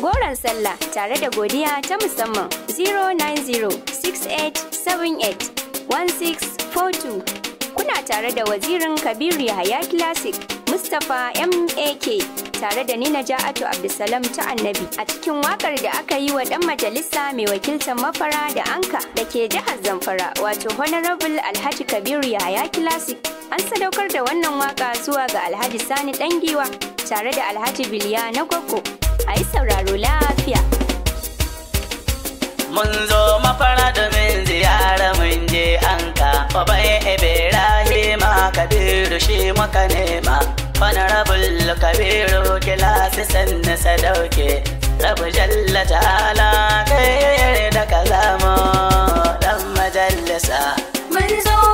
goron sallah tare da godiya ta musamman 09068781642 kuna tare da wazirin kabiru yahaya classic mustapha mak tare da nina ja'atu abdulsalam ta annabi a cikin wakar da aka yi wa dan majalisa mai wakiltar mafara da anka da ke jihar zamfara wato honorable alhaji kabiru yahaya classic an sadaukar da wannan waka zuwa ga alhaji sani dangiwa tare da alhaji biliya na gwaggo Ayi sauraro lafiya. Mun zo mafara domin ziyara mun je an ka, babai Ibrahima Kabiru shi muka nema. Honorable Kabiru kilasi sanna sadauke, rabu jalla ta'ala kai da zama dan majalisa. Mun zo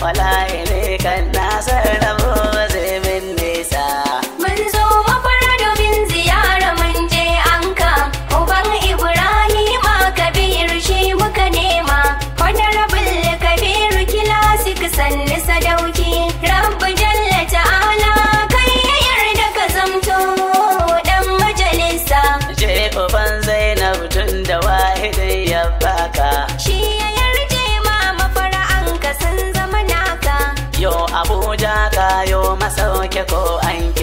wala ne kan nasara sauke ko an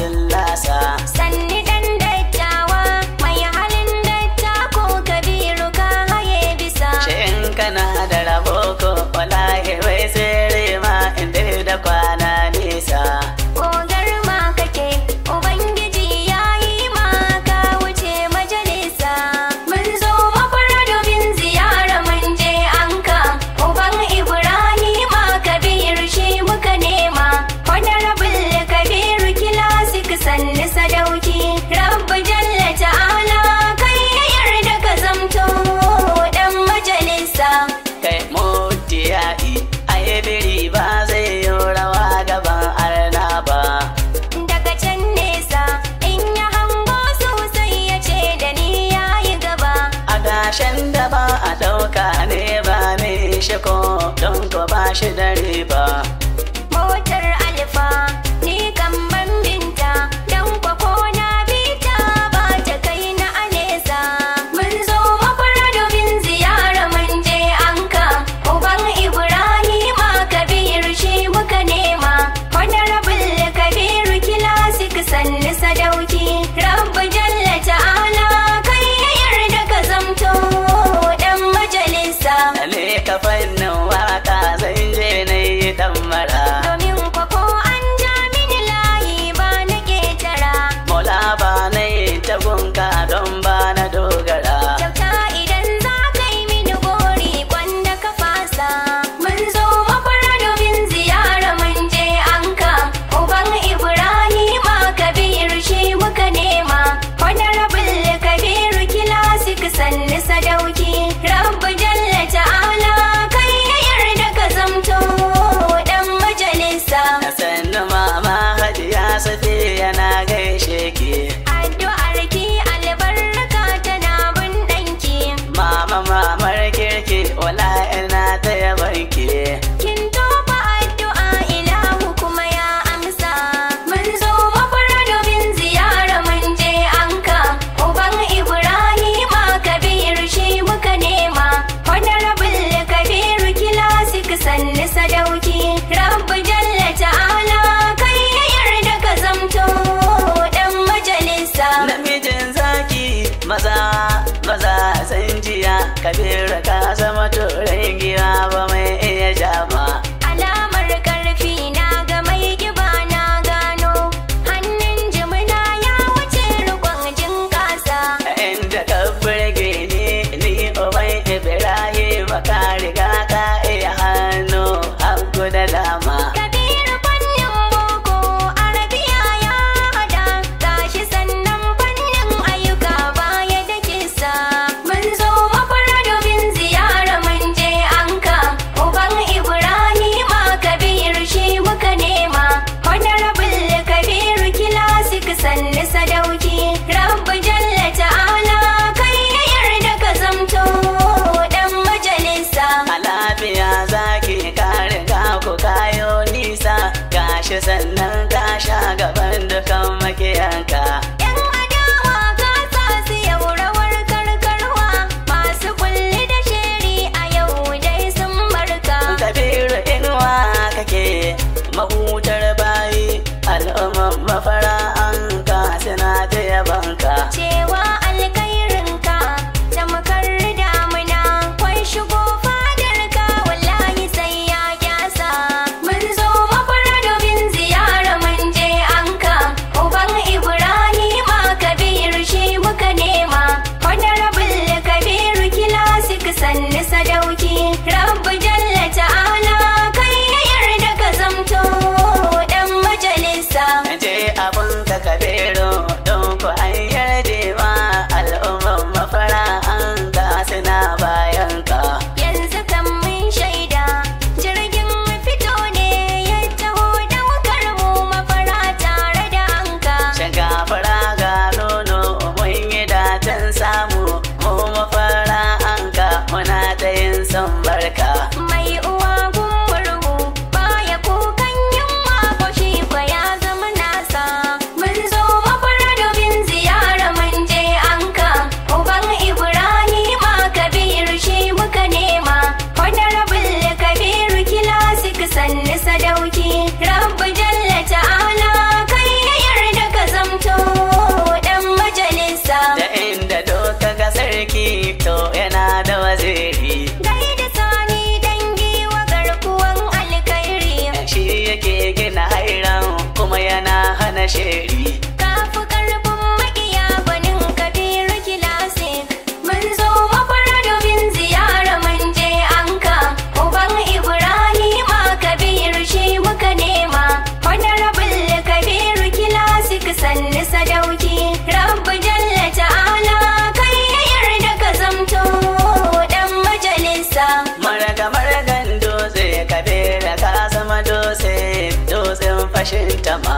till shi dare ba and shiri kafi karfin makiya kabiru kilasi mun zo makwara domin ziyara mun anka uban ibrahima kabiru shi muka nema honorable kabiru kilasi sannu sadauki rabbi jallata ala kai ya yarda ka zamto dan majalisa maraga maragan dutse kabira ka zama dutse dutsen fashin tama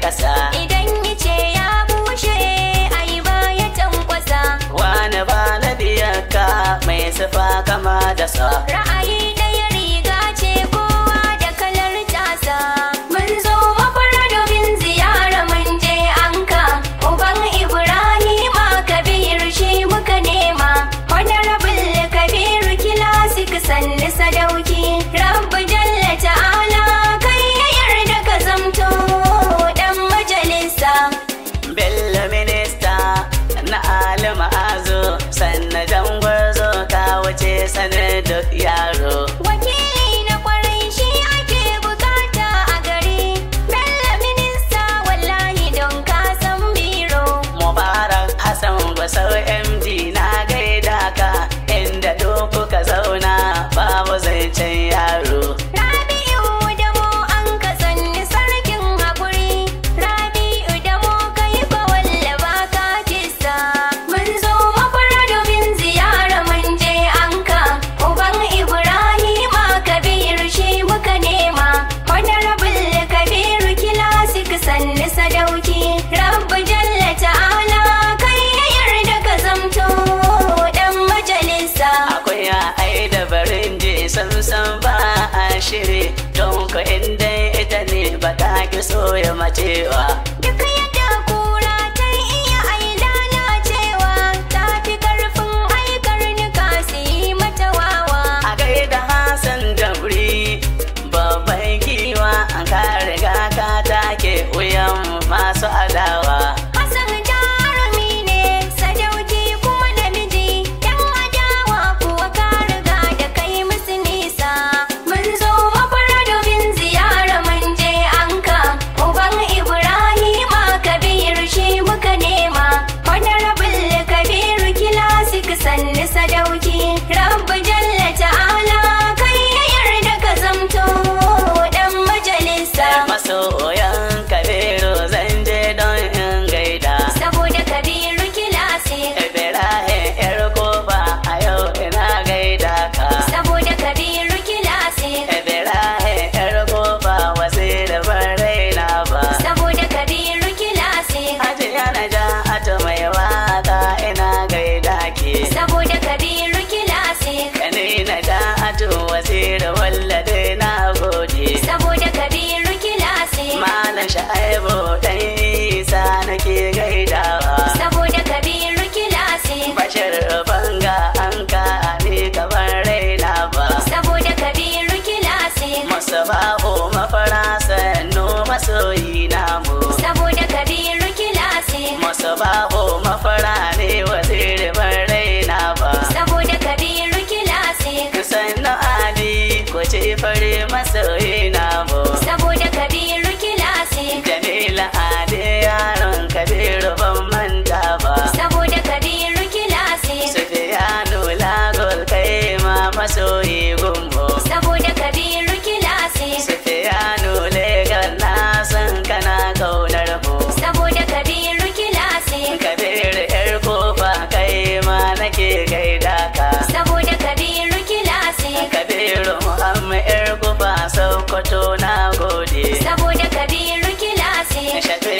kasa idan ice ya bushe ai ba ya tankwasa wani ba na biyarka mai sufa kama da sa ra'ayi soya macewa da wallade soul, yeah.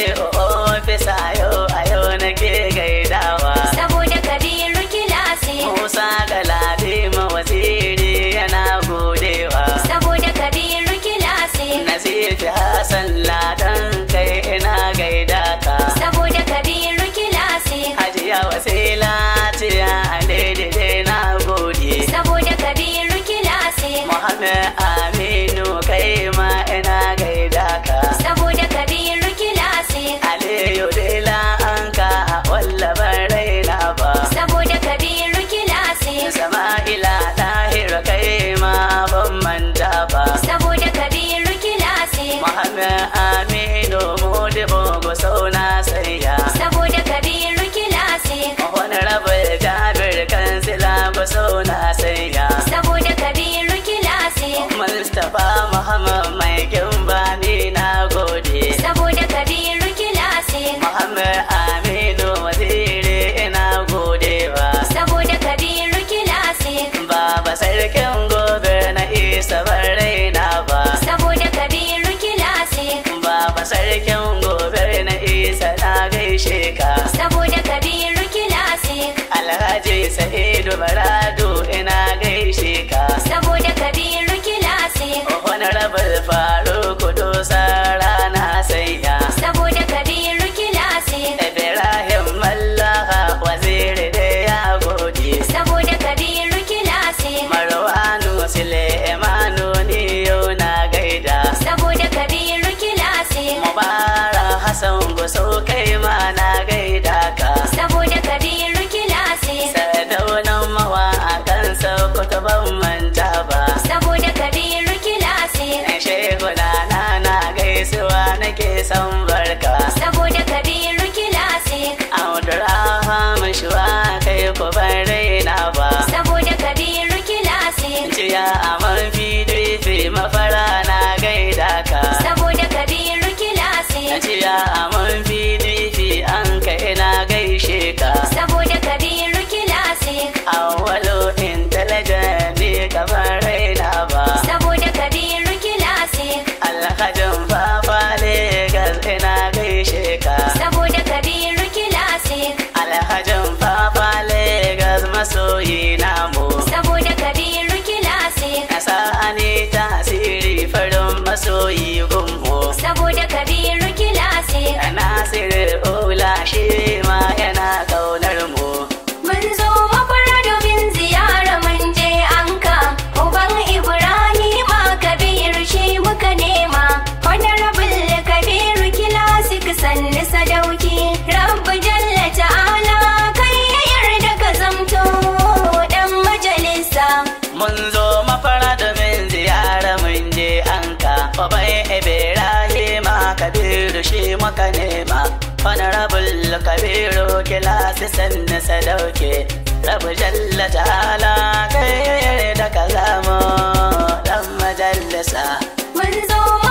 Oh, o, o, o, sarkin gobe na isa ban raina ba saboda kabiru kilasi baba sarkin gobe na isa na gaishe ka saboda kabiru kilasi alhaji sa'idu bara ya a fi mafara na gaida ka saboda kabiru kilasi na ya a fi an kai na gaishe ka saboda honorable kabiru kilasi sanna sadauke rabu jalla ta'ala kai da ka zamo dan majalisa mun zo